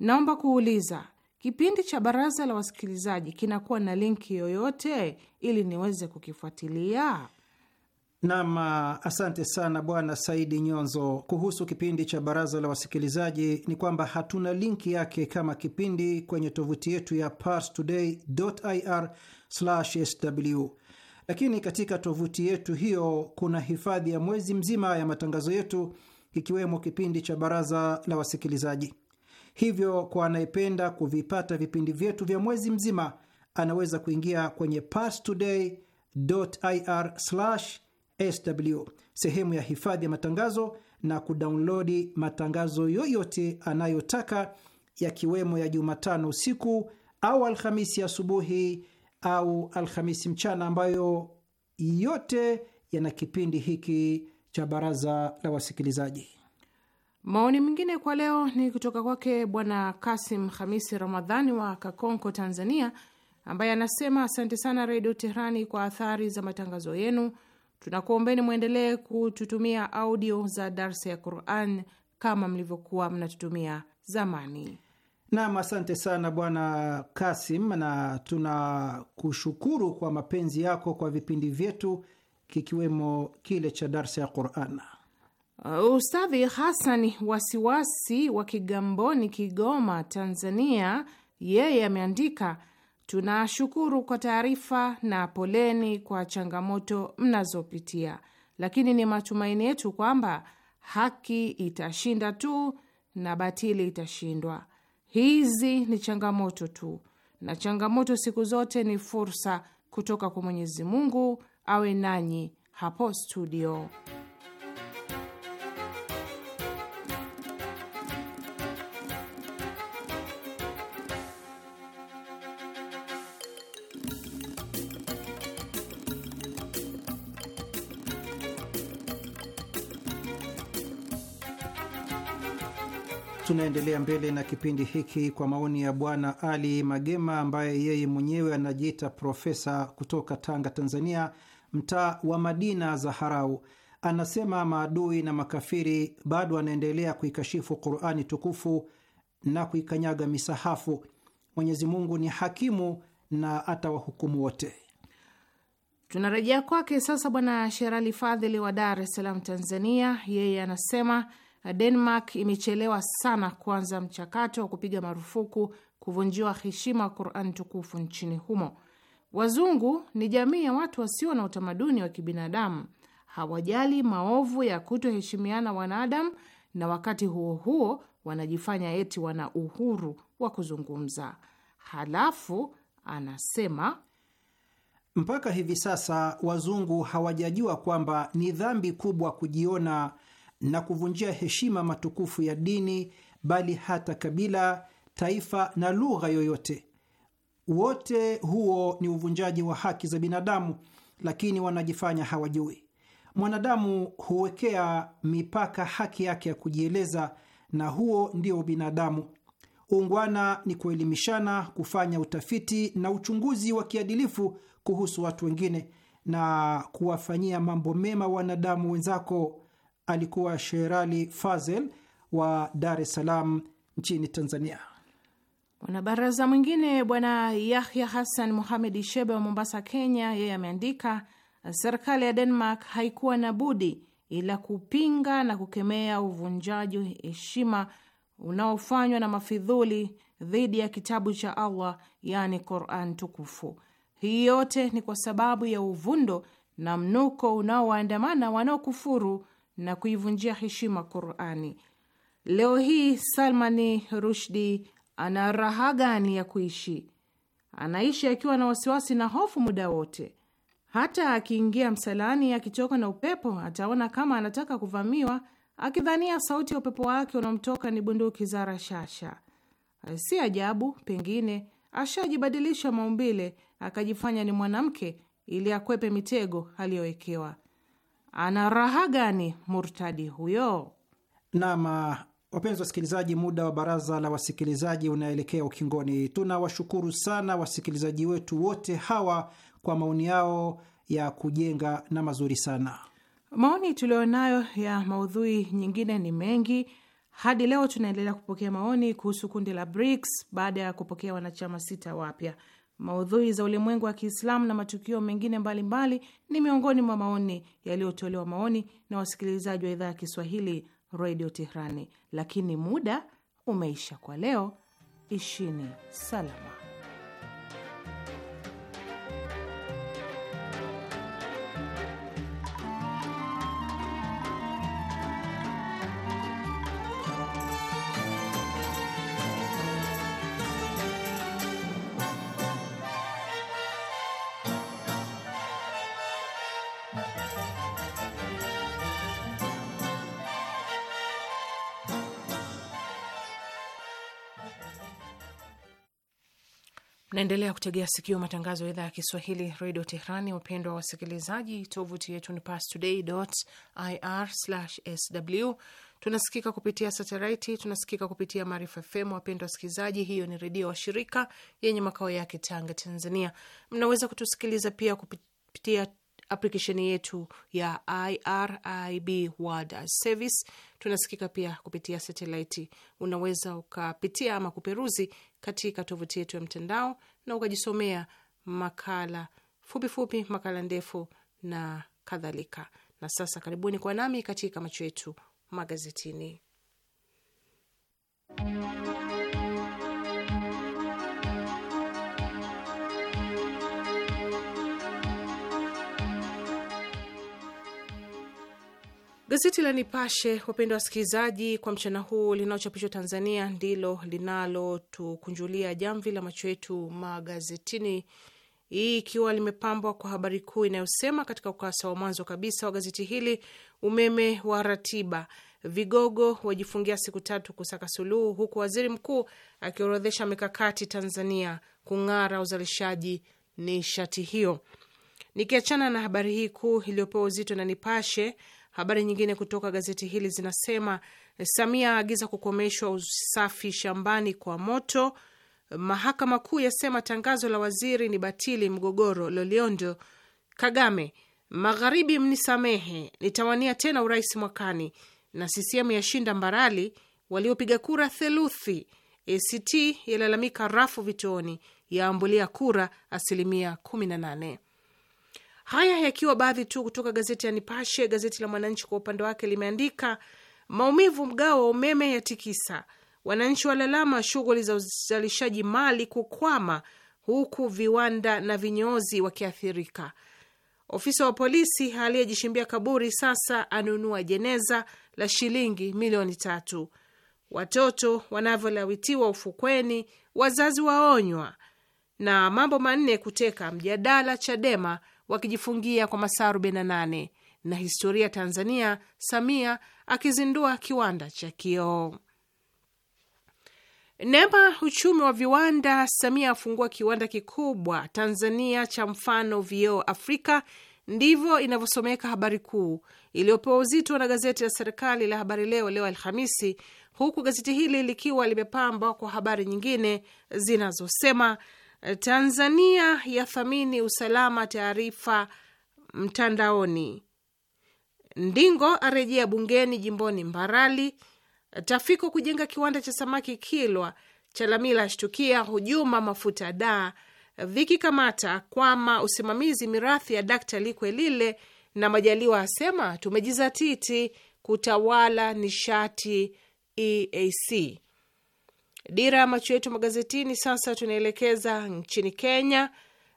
Naomba kuuliza, Kipindi cha baraza la wasikilizaji kinakuwa na linki yoyote ili niweze kukifuatilia? Nam, ah, asante sana Bwana Saidi Nyonzo. Kuhusu kipindi cha baraza la wasikilizaji ni kwamba hatuna linki yake kama kipindi kwenye tovuti yetu ya parstoday.ir/sw, lakini katika tovuti yetu hiyo kuna hifadhi ya mwezi mzima ya matangazo yetu, ikiwemo kipindi cha baraza la wasikilizaji. Hivyo, kwa anayependa kuvipata vipindi vyetu vya mwezi mzima anaweza kuingia kwenye parstoday.ir/sw sehemu ya hifadhi ya matangazo na kudaunlodi matangazo yoyote anayotaka yakiwemo ya Jumatano usiku au Alhamisi asubuhi au Alhamisi mchana, ambayo yote yana kipindi hiki cha Baraza la Wasikilizaji. Maoni mengine kwa leo ni kutoka kwake Bwana Kasim Hamisi Ramadhani wa Kakonko, Tanzania, ambaye anasema asante sana Redio Teherani kwa athari za matangazo yenu. Tunakuombeni mwendelee kututumia audio za darsa ya Quran kama mlivyokuwa mnatutumia zamani. Nam, asante sana Bwana Kasim, na tunakushukuru kwa mapenzi yako kwa vipindi vyetu, kikiwemo kile cha darsa ya Quran. Uh, Ustadhi Hasani Wasiwasi wa Kigamboni, Kigoma, Tanzania, yeye ameandika tunashukuru kwa taarifa na poleni kwa changamoto mnazopitia, lakini ni matumaini yetu kwamba haki itashinda tu na batili itashindwa. Hizi ni changamoto tu, na changamoto siku zote ni fursa kutoka kwa Mwenyezi Mungu. Awe nanyi hapo studio. Tunaendelea mbele na kipindi hiki kwa maoni ya Bwana Ali Magema ambaye yeye mwenyewe anajiita profesa kutoka Tanga, Tanzania, mtaa wa Madina Zaharau. Anasema maadui na makafiri bado anaendelea kuikashifu Qurani tukufu na kuikanyaga misahafu. Mwenyezi Mungu ni hakimu na atawahukumu wote. Tunarejea kwake sasa Bwana Sherali Fadhili wa Dar es Salaam, Tanzania. Yeye anasema Denmark imechelewa sana kuanza mchakato wa kupiga marufuku kuvunjiwa heshima wa Qur'an tukufu nchini humo. Wazungu ni jamii ya watu wasio na utamaduni wa kibinadamu, hawajali maovu ya kutoheshimiana wanadamu, na wakati huo huo wanajifanya eti wana uhuru wa kuzungumza. Halafu anasema mpaka hivi sasa wazungu hawajajua kwamba ni dhambi kubwa kujiona na kuvunjia heshima matukufu ya dini, bali hata kabila, taifa na lugha yoyote. Wote huo ni uvunjaji wa haki za binadamu, lakini wanajifanya hawajui. Mwanadamu huwekea mipaka haki yake ya kujieleza, na huo ndio ubinadamu. Uungwana ni kuelimishana, kufanya utafiti na uchunguzi wa kiadilifu kuhusu watu wengine na kuwafanyia mambo mema wanadamu wenzako alikuwa Sherali Fazel wa Dar es Salaam nchini Tanzania. Mwanabaraza mwingine Bwana Yahya Hassan Muhamed Shebe wa Mombasa, Kenya, yeye ameandika serikali ya Denmark haikuwa na budi ila kupinga na kukemea uvunjaji heshima unaofanywa na mafidhuli dhidi ya kitabu cha Allah, yani Quran tukufu. Hii yote ni kwa sababu ya uvundo na mnuko unaowaandamana wanaokufuru na kuivunjia heshima Qurani. Leo hii Salmani Rushdi ana raha gani ya kuishi? Anaishi akiwa na wasiwasi na hofu muda wote. Hata akiingia msalani akitoka na upepo, ataona kama anataka kuvamiwa, akidhania sauti ya upepo wake unaomtoka ni bunduki za rashasha. Si ajabu pengine ashajibadilisha maumbile akajifanya ni mwanamke ili akwepe mitego aliyowekewa ana raha gani murtadi huyo? Naam, ah, wapenzi wasikilizaji, muda wa baraza la wasikilizaji unaelekea ukingoni. Tunawashukuru sana wasikilizaji wetu wote hawa kwa maoni yao ya kujenga na mazuri sana. Maoni tuliyonayo ya maudhui nyingine ni mengi. Hadi leo tunaendelea kupokea maoni kuhusu kundi la BRICS baada ya kupokea wanachama sita wapya maudhui za ulimwengu wa Kiislamu na matukio mengine mbalimbali mbali, ni miongoni mwa maoni yaliyotolewa maoni na wasikilizaji wa idhaa ya Kiswahili Radio Tehrani, lakini muda umeisha kwa leo. Ishini salama. Naendelea kutegea sikio matangazo ya idhaa ya Kiswahili redio Tehrani. Wapendwa wasikilizaji, tovuti yetu ni pastoday.ir/sw. Tunasikika kupitia satelaiti, tunasikika kupitia Maarifa FM. Wapendwa wasikilizaji, hiyo ni redio wa shirika yenye makao yake Tanga, Tanzania. Mnaweza kutusikiliza pia kupitia aplikesheni yetu ya IRIB World Service. Tunasikika pia kupitia satelaiti. Unaweza ukapitia ama kuperuzi katika tovuti yetu ya mtandao na ukajisomea makala fupifupi, makala ndefu na kadhalika. Na sasa karibuni kwa nami katika macho yetu magazetini. Gazeti la Nipashe, wapendwa wasikilizaji, kwa mchana huu linaochapishwa Tanzania ndilo linalotukunjulia jamvi la macho yetu magazetini, hii ikiwa limepambwa kwa habari kuu inayosema katika ukurasa wa mwanzo kabisa wa gazeti hili, umeme wa ratiba, vigogo wajifungia siku tatu kusaka suluhu, huku waziri mkuu akiorodhesha mikakati Tanzania kung'ara uzalishaji nishati hiyo. Nikiachana na habari hii kuu iliyopewa uzito na Nipashe, Habari nyingine kutoka gazeti hili zinasema Samia aagiza kukomeshwa usafi shambani kwa moto. Mahakama Kuu yasema tangazo la waziri ni batili, mgogoro Loliondo. Kagame: magharibi mnisamehe, nitawania tena urais mwakani. Na CCM yashinda Mbarali, waliopiga kura theluthi. ACT yalalamika rafu vituoni, yaambulia kura asilimia nane. Haya yakiwa baadhi tu kutoka gazeti ya Nipashe. Gazeti la Mwananchi kwa upande wake limeandika maumivu mgao wa umeme ya tikisa, wananchi walalama shughuli za uzalishaji mali kukwama, huku viwanda na vinyozi wakiathirika. Ofisa wa polisi aliyejishimbia kaburi sasa anunua jeneza la shilingi milioni tatu. Watoto wanavyolawitiwa ufukweni, wazazi waonywa. Na mambo manne kuteka mjadala Chadema wakijifungia kwa masaa 48 na historia Tanzania, Samia akizindua kiwanda cha kioo. Neema uchumi wa viwanda, Samia afungua kiwanda kikubwa Tanzania cha mfano vioo Afrika. Ndivyo inavyosomeka habari kuu iliyopewa uzito na gazeti la serikali la Habari Leo leo Alhamisi, huku gazeti hili likiwa limepambwa kwa habari nyingine zinazosema Tanzania yathamini usalama taarifa mtandaoni. Ndingo arejea bungeni jimboni Mbarali. Tafiko kujenga kiwanda cha samaki Kilwa. Chalamila ashtukia hujuma mafuta daa Viki Kamata kwama usimamizi mirathi ya Dakta Likwe Lile, na Majaliwa asema tumejizatiti kutawala nishati EAC. Dira ya macho yetu magazetini sasa tunaelekeza nchini Kenya,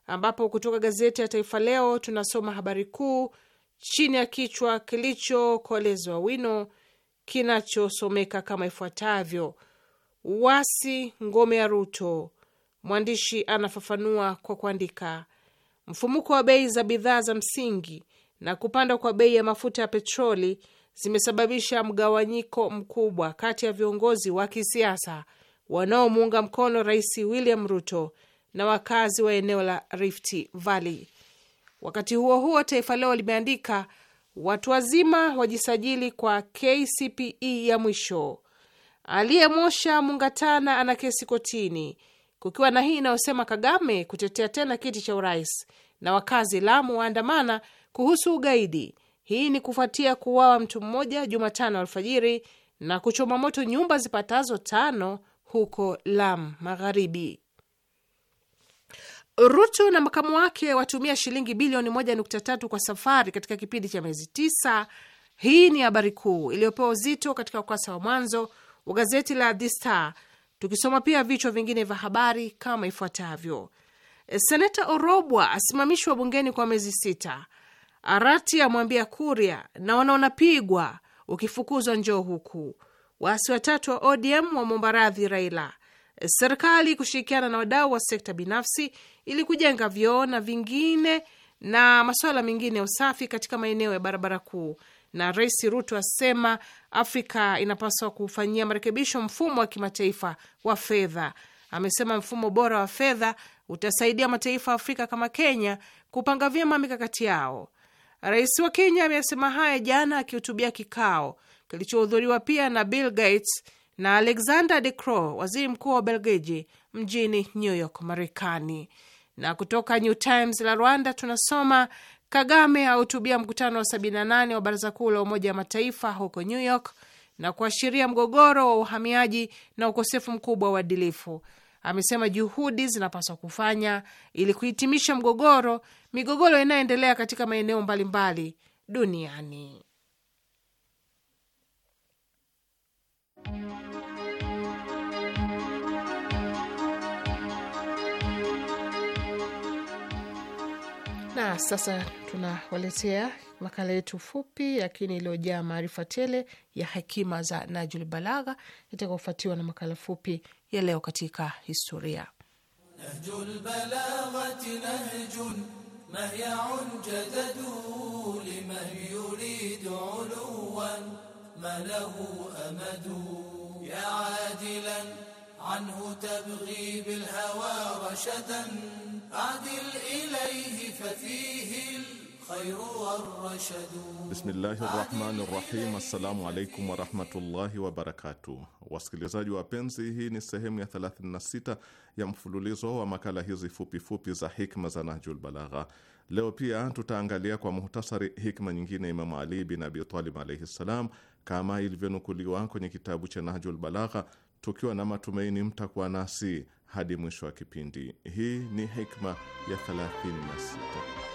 ambapo kutoka gazeti ya Taifa Leo tunasoma habari kuu chini ya kichwa kilichokolezwa wino kinachosomeka kama ifuatavyo: uasi ngome ya Ruto. Mwandishi anafafanua kwa kuandika, mfumuko wa bei za bidhaa za msingi na kupanda kwa bei ya mafuta ya petroli zimesababisha mgawanyiko mkubwa kati ya viongozi wa kisiasa wanaomuunga mkono Rais William Ruto na wakazi wa eneo la Rift Valley. Wakati huo huo, Taifa Leo limeandika watu wazima wajisajili kwa KCPE ya mwisho. Aliyemosha Mungatana ana kesi kotini, kukiwa na hii inayosema Kagame kutetea tena kiti cha urais, na wakazi Lamu waandamana kuhusu ugaidi. Hii ni kufuatia kuuawa mtu mmoja Jumatano alfajiri na kuchoma moto nyumba zipatazo tano huko Lam Magharibi. Ruto na makamu wake watumia shilingi bilioni 1.3 kwa safari katika kipindi cha miezi tisa. Hii ni habari kuu iliyopewa uzito katika ukurasa wa mwanzo wa gazeti la The Star, tukisoma pia vichwa vingine vya habari kama ifuatavyo: Seneta Orobwa asimamishwa bungeni kwa miezi sita, Arati amwambia Kuria naona unapigwa ukifukuzwa njoo huku, waasi watatu wa ODM wamwomba radhi Raila, serikali kushirikiana na wadau wa sekta binafsi ili kujenga vyoo na vingine na masuala mengine ya usafi katika maeneo ya barabara kuu. Na Rais Ruto asema Afrika inapaswa kufanyia marekebisho mfumo wa kimataifa wa fedha. Amesema mfumo bora wa fedha utasaidia mataifa ya Afrika kama Kenya kupanga vyema mikakati yao. Rais wa Kenya amesema haya jana akihutubia kikao kilichohudhuriwa pia na Bill Gates na Alexander De Croo, waziri mkuu wa Ubelgiji, mjini New York, Marekani. Na kutoka New Times la Rwanda tunasoma Kagame ahutubia mkutano wa 78 wa baraza kuu la Umoja wa Mataifa huko New York na kuashiria mgogoro wa uhamiaji na ukosefu mkubwa wa uadilifu. Amesema juhudi zinapaswa kufanya ili kuhitimisha mgogoro migogoro inayoendelea katika maeneo mbalimbali duniani. Na sasa tunawaletea makala yetu fupi lakini iliyojaa maarifa tele ya hekima za Najul Balagha itakaofuatiwa na makala fupi ya leo katika historia. Nahjul Balaghati nahjun liman yuridu له أمد يا عادلا عنه تبغي بالهوى رشدا عدل إليه ففيه الخير والرشد بسم الله الرحمن الرحيم. السلام عليكم ورحمة الله وبركاته Wasikilizaji wapenzi, hii ni sehemu ya 36 ya mfululizo wa makala hizi fupifupi fupi za hikma za Nahjul Balagha. Leo pia tutaangalia kwa muhtasari hikma nyingine Imamu Ali bin Abi Talib alaihi ssalam kama ilivyonukuliwa kwenye kitabu cha Nahjul Balagha, tukiwa na matumaini mtakuwa nasi hadi mwisho wa kipindi. Hii ni hikma ya 36.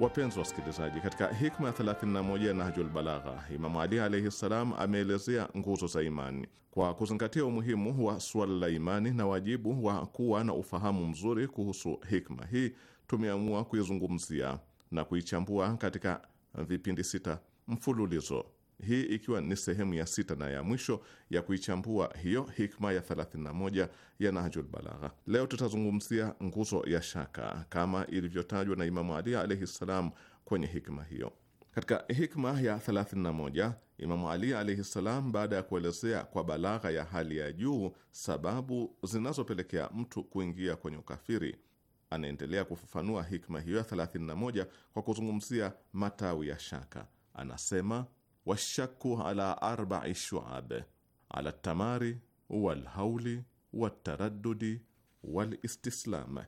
Wapenzi wasikilizaji, katika hikma ya 31 ya Nahjul Balagha, Imamu Ali alaihi ssalam ameelezea nguzo za imani kwa kuzingatia umuhimu wa suala la imani na wajibu wa kuwa na ufahamu mzuri kuhusu hikma hii. Tumeamua kuizungumzia na kuichambua katika vipindi sita mfululizo hii ikiwa ni sehemu ya sita na ya mwisho ya kuichambua hiyo hikma ya 31 ya Nahjul Balagha. Leo tutazungumzia nguzo ya shaka kama ilivyotajwa na Imamu Ali alaihi ssalam kwenye hikma hiyo. Katika hikma ya 31 Imamu Ali alaihi ssalam, baada ya kuelezea kwa balagha ya hali ya juu sababu zinazopelekea mtu kuingia kwenye ukafiri, anaendelea kufafanua hikma hiyo ya 31 kwa kuzungumzia matawi ya shaka. Anasema: washaku ala arbai shuab ala tamari walhauli wataradudi walistislam.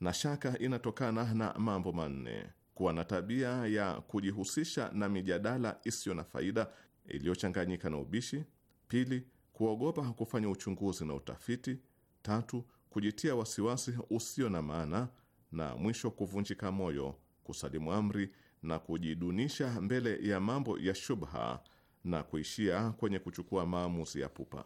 Na shaka inatokana na mambo manne: kuwa na tabia ya kujihusisha na mijadala isiyo na faida iliyochanganyika na ubishi; pili, kuogopa kufanya uchunguzi na utafiti; tatu, kujitia wasiwasi usio na maana; na mwisho, kuvunjika moyo, kusalimu amri na kujidunisha mbele ya mambo ya shubha na kuishia kwenye kuchukua maamuzi ya pupa.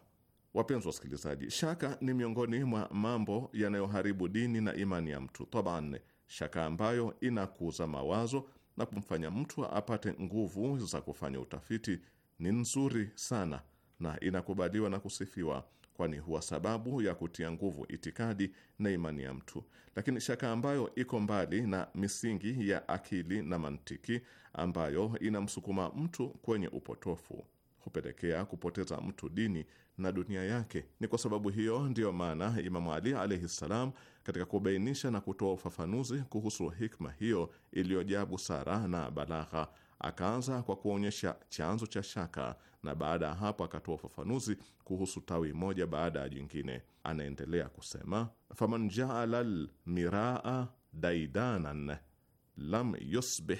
Wapenzi wasikilizaji, shaka ni miongoni mwa mambo yanayoharibu dini na imani ya mtu taban, shaka ambayo inakuza mawazo na kumfanya mtu apate nguvu za kufanya utafiti ni nzuri sana na inakubaliwa na kusifiwa kwani huwa sababu ya kutia nguvu itikadi na imani ya mtu. Lakini shaka ambayo iko mbali na misingi ya akili na mantiki, ambayo inamsukuma mtu kwenye upotofu, hupelekea kupoteza mtu dini na dunia yake. Ni kwa sababu hiyo ndiyo maana Imamu Ali alaihi ssalam, katika kubainisha na kutoa ufafanuzi kuhusu hikma hiyo iliyojaa busara na balagha Akaanza kwa kuonyesha chanzo cha shaka na baada ya hapo akatoa ufafanuzi kuhusu tawi moja baada ya jingine. Anaendelea kusema, faman jaala lmiraa daidanan lam yusbih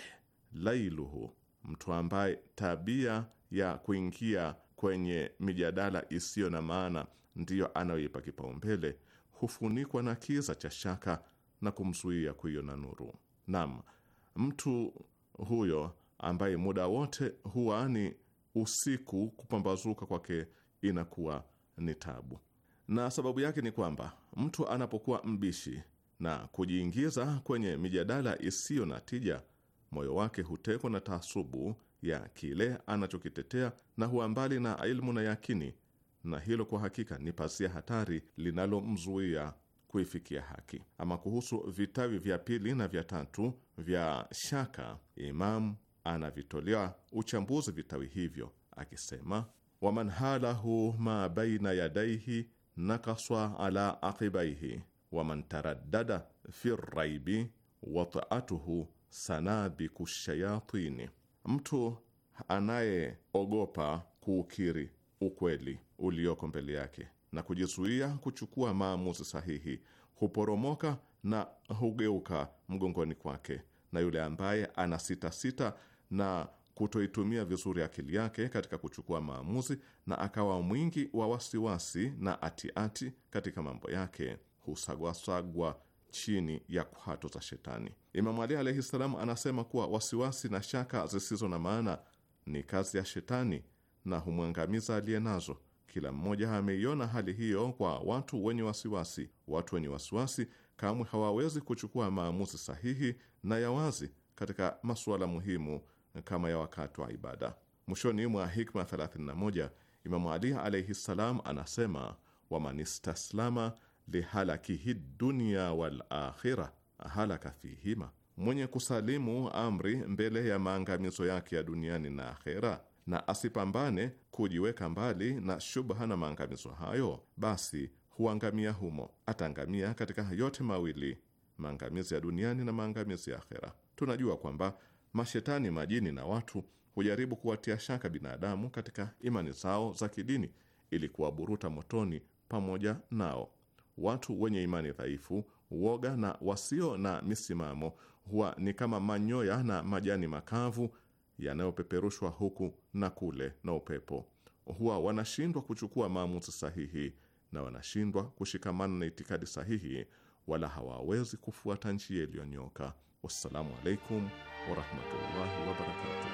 lailuhu, mtu ambaye tabia ya kuingia kwenye mijadala isiyo na maana ndiyo anayoipa kipaumbele, hufunikwa na kiza cha shaka na kumzuia kuiona nuru. Naam, mtu huyo ambaye muda wote huwa ni usiku, kupambazuka kwake inakuwa ni tabu. Na sababu yake ni kwamba mtu anapokuwa mbishi na kujiingiza kwenye mijadala isiyo na tija, moyo wake hutekwa na taasubu ya kile anachokitetea na huwa mbali na ilmu na yakini, na hilo kwa hakika ni pazia hatari linalomzuia kuifikia haki. Ama kuhusu vitawi vya pili na vya tatu vya shaka, Imam anavitolea uchambuzi vitawi hivyo akisema: wamanhalahu ma baina yadaihi nakaswa ala aqibaihi waman taraddada fi raibi wataatuhu sanabiku shayatini, mtu anayeogopa kuukiri ukweli ulioko mbele yake na kujizuia kuchukua maamuzi sahihi huporomoka na hugeuka mgongoni kwake, na yule ambaye anasitasita na kutoitumia vizuri akili yake katika kuchukua maamuzi na akawa mwingi wa wasiwasi na atiati ati katika mambo yake, husagwasagwa chini ya kwato za Shetani. Imamu Ali alaihi ssalam anasema kuwa wasiwasi na shaka zisizo na maana ni kazi ya Shetani na humwangamiza aliye nazo. Kila mmoja ameiona hali hiyo kwa watu wenye wasiwasi. Watu wenye wasiwasi kamwe hawawezi kuchukua maamuzi sahihi na ya wazi katika masuala muhimu kama ya wakati wa ibada. Mwishoni mwa hikma 31 Imamu Ali alaihi ssalam anasema wamanistaslama lihalakihi dunya wal akhira halaka fihima, mwenye kusalimu amri mbele ya maangamizo yake ya duniani na akhera, na asipambane kujiweka mbali na shubha na maangamizo hayo, basi huangamia humo, ataangamia katika yote mawili, maangamizi ya duniani na maangamizi ya akhera. Tunajua kwamba mashetani majini na watu hujaribu kuwatia shaka binadamu katika imani zao za kidini ili kuwaburuta motoni pamoja nao. Watu wenye imani dhaifu, woga na wasio na misimamo huwa ni kama manyoya na majani makavu yanayopeperushwa huku na kule na upepo. Huwa wanashindwa kuchukua maamuzi sahihi na wanashindwa kushikamana na itikadi sahihi, wala hawawezi kufuata njia iliyonyoka. Wassalamu alaikum warahmatullahi wabarakatuh.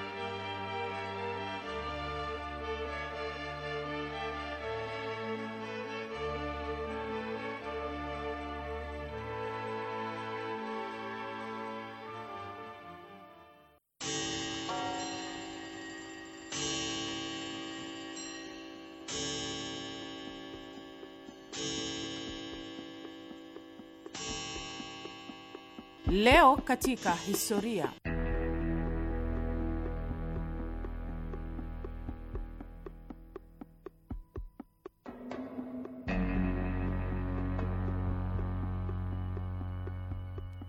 Leo katika historia.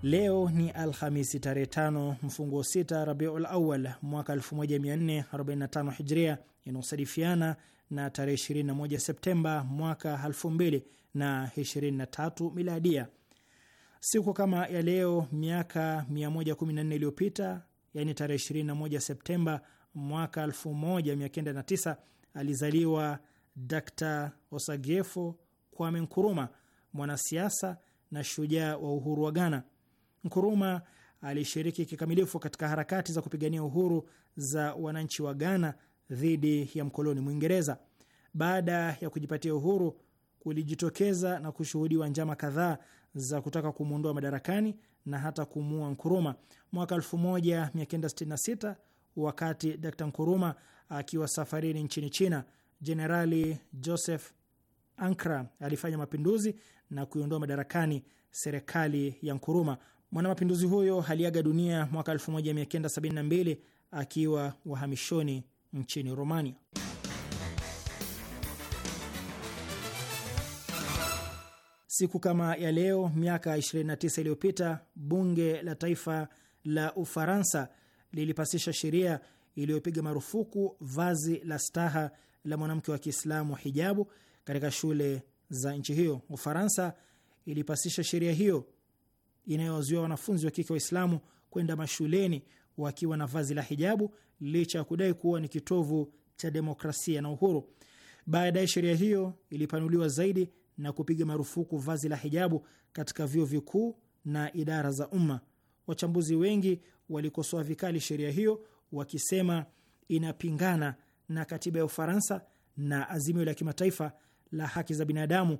Leo ni Alhamisi tarehe 5 mfungo sita Rabiul Awal mwaka 1445 Hijria, inaosadifiana na tarehe 21 Septemba mwaka 2023 Miladia. Siku kama ya leo miaka 114 iliyopita, yani tarehe 21 Septemba mwaka 1909 alizaliwa Dr Osagyefo Kwame Nkrumah, mwanasiasa na shujaa wa uhuru wa Ghana. Nkuruma alishiriki kikamilifu katika harakati za kupigania uhuru za wananchi wa Ghana dhidi ya mkoloni Mwingereza. Baada ya kujipatia uhuru, kulijitokeza na kushuhudiwa njama kadhaa za kutaka kumwondoa madarakani na hata kumuua Nkuruma. Mwaka 1966 wakati Dr Nkuruma akiwa safarini nchini China, Jenerali Joseph Ankra alifanya mapinduzi na kuiondoa madarakani serikali ya Nkuruma. Mwanamapinduzi huyo aliaga dunia mwaka 1972 akiwa wahamishoni nchini Romania. Siku kama ya leo miaka 29 iliyopita bunge la taifa la Ufaransa lilipasisha sheria iliyopiga marufuku vazi la staha la mwanamke wa Kiislamu, hijabu, katika shule za nchi hiyo. Ufaransa ilipasisha sheria hiyo inayowazuia wanafunzi wa kike Waislamu kwenda mashuleni wakiwa na vazi la hijabu licha ya kudai kuwa ni kitovu cha demokrasia na uhuru. Baadaye sheria hiyo ilipanuliwa zaidi na kupiga marufuku vazi la hijabu katika vyuo vikuu na idara za umma. Wachambuzi wengi walikosoa vikali sheria hiyo wakisema inapingana na katiba ya Ufaransa na azimio la kimataifa la haki za binadamu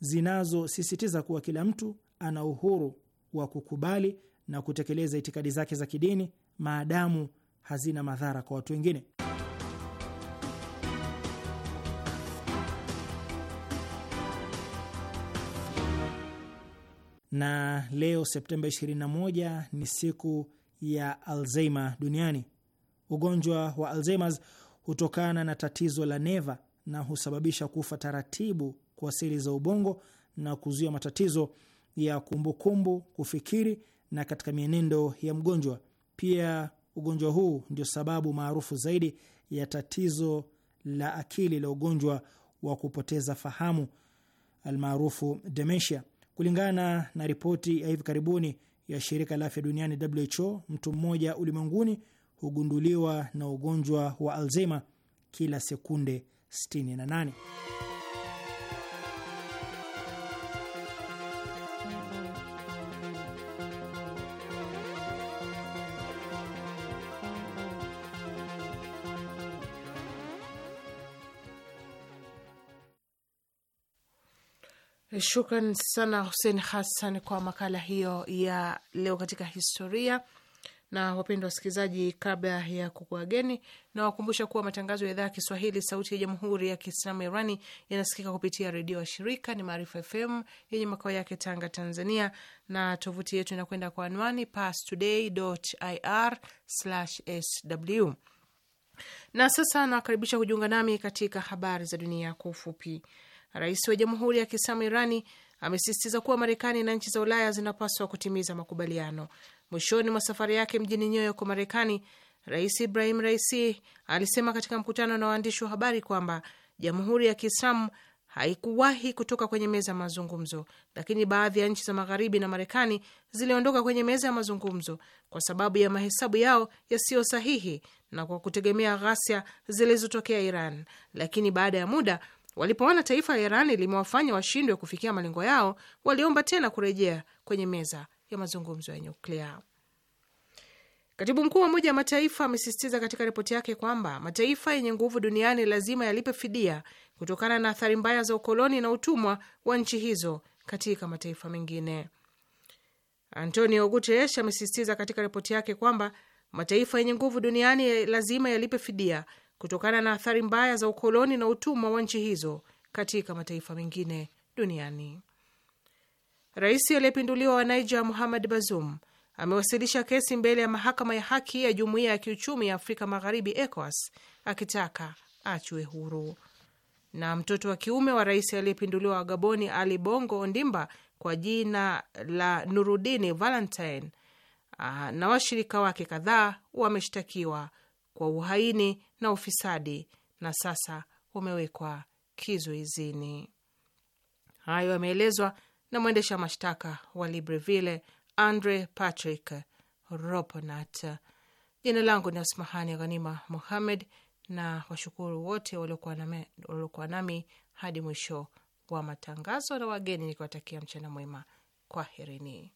zinazosisitiza kuwa kila mtu ana uhuru wa kukubali na kutekeleza itikadi zake za kidini maadamu hazina madhara kwa watu wengine. Na leo Septemba 21 ni siku ya Alzheimer duniani. Ugonjwa wa Alzheimers hutokana na tatizo la neva na husababisha kufa taratibu kwa seli za ubongo na kuzuia matatizo ya kumbukumbu, kufikiri na katika mienendo ya mgonjwa. Pia ugonjwa huu ndio sababu maarufu zaidi ya tatizo la akili la ugonjwa wa kupoteza fahamu almaarufu dementia. Kulingana na ripoti ya hivi karibuni ya shirika la afya duniani WHO, mtu mmoja ulimwenguni hugunduliwa na ugonjwa wa Alzheimer kila sekunde 68. Shukran sana Hussein Hassan kwa makala hiyo ya leo katika historia. Na wapendwa wasikilizaji, kabla ya kukuageni, na wakumbusha kuwa matangazo ya idhaa ya Kiswahili sauti ya jamhuri ya Kiislamu Irani yanasikika kupitia redio wa shirika ni Maarifa FM yenye makao yake Tanga, Tanzania, na tovuti yetu inakwenda kwa anwani pastoday.ir/sw. Na sasa nawakaribisha kujiunga nami katika habari za dunia kwa ufupi. Rais wa Jamhuri ya Kiislamu Irani amesisitiza kuwa Marekani na nchi za Ulaya zinapaswa kutimiza makubaliano. Mwishoni mwa safari yake mjini New York, Marekani, Rais Ibrahim Raisi alisema katika mkutano na waandishi wa habari kwamba Jamhuri ya Kiislamu haikuwahi kutoka kwenye meza ya mazungumzo, lakini baadhi ya nchi za Magharibi na Marekani ziliondoka kwenye meza ya mazungumzo kwa sababu ya mahesabu yao yasiyo sahihi na kwa kutegemea ghasia zilizotokea Iran, lakini baada ya muda Walipoona taifa ya Irani limewafanya washindwe kufikia malengo yao, waliomba tena kurejea kwenye meza ya mazungumzo ya nyuklia. Katibu mkuu wa Umoja wa Mataifa amesisitiza katika ripoti yake kwamba mataifa yenye nguvu duniani lazima yalipe fidia kutokana na athari mbaya za ukoloni na utumwa wa nchi hizo katika mataifa mengine. Antonio Guterres amesisitiza katika ripoti yake kwamba mataifa yenye nguvu duniani lazima yalipe fidia kutokana na athari mbaya za ukoloni na utumwa wa nchi hizo katika mataifa mengine duniani. Rais aliyepinduliwa wa Niger Muhammad Bazoum amewasilisha kesi mbele ya mahakama ya haki ya jumuiya ya kiuchumi ya Afrika Magharibi, ECOWAS, akitaka achwe huru. Na mtoto wa kiume wa rais aliyepinduliwa wa Gaboni, Ali Bongo Ondimba, kwa jina la Nurudini Valentine, ah, na washirika wake kadhaa wameshtakiwa kwa uhaini na ufisadi na sasa umewekwa kizuizini. Hayo yameelezwa na mwendesha mashtaka wa Libreville Andre Patrick Roponat. Jina langu ni Asmahani Ghanima Muhammed na washukuru wote waliokuwa nami hadi mwisho wa matangazo, na wageni nikiwatakia mchana mwema. Kwaherini.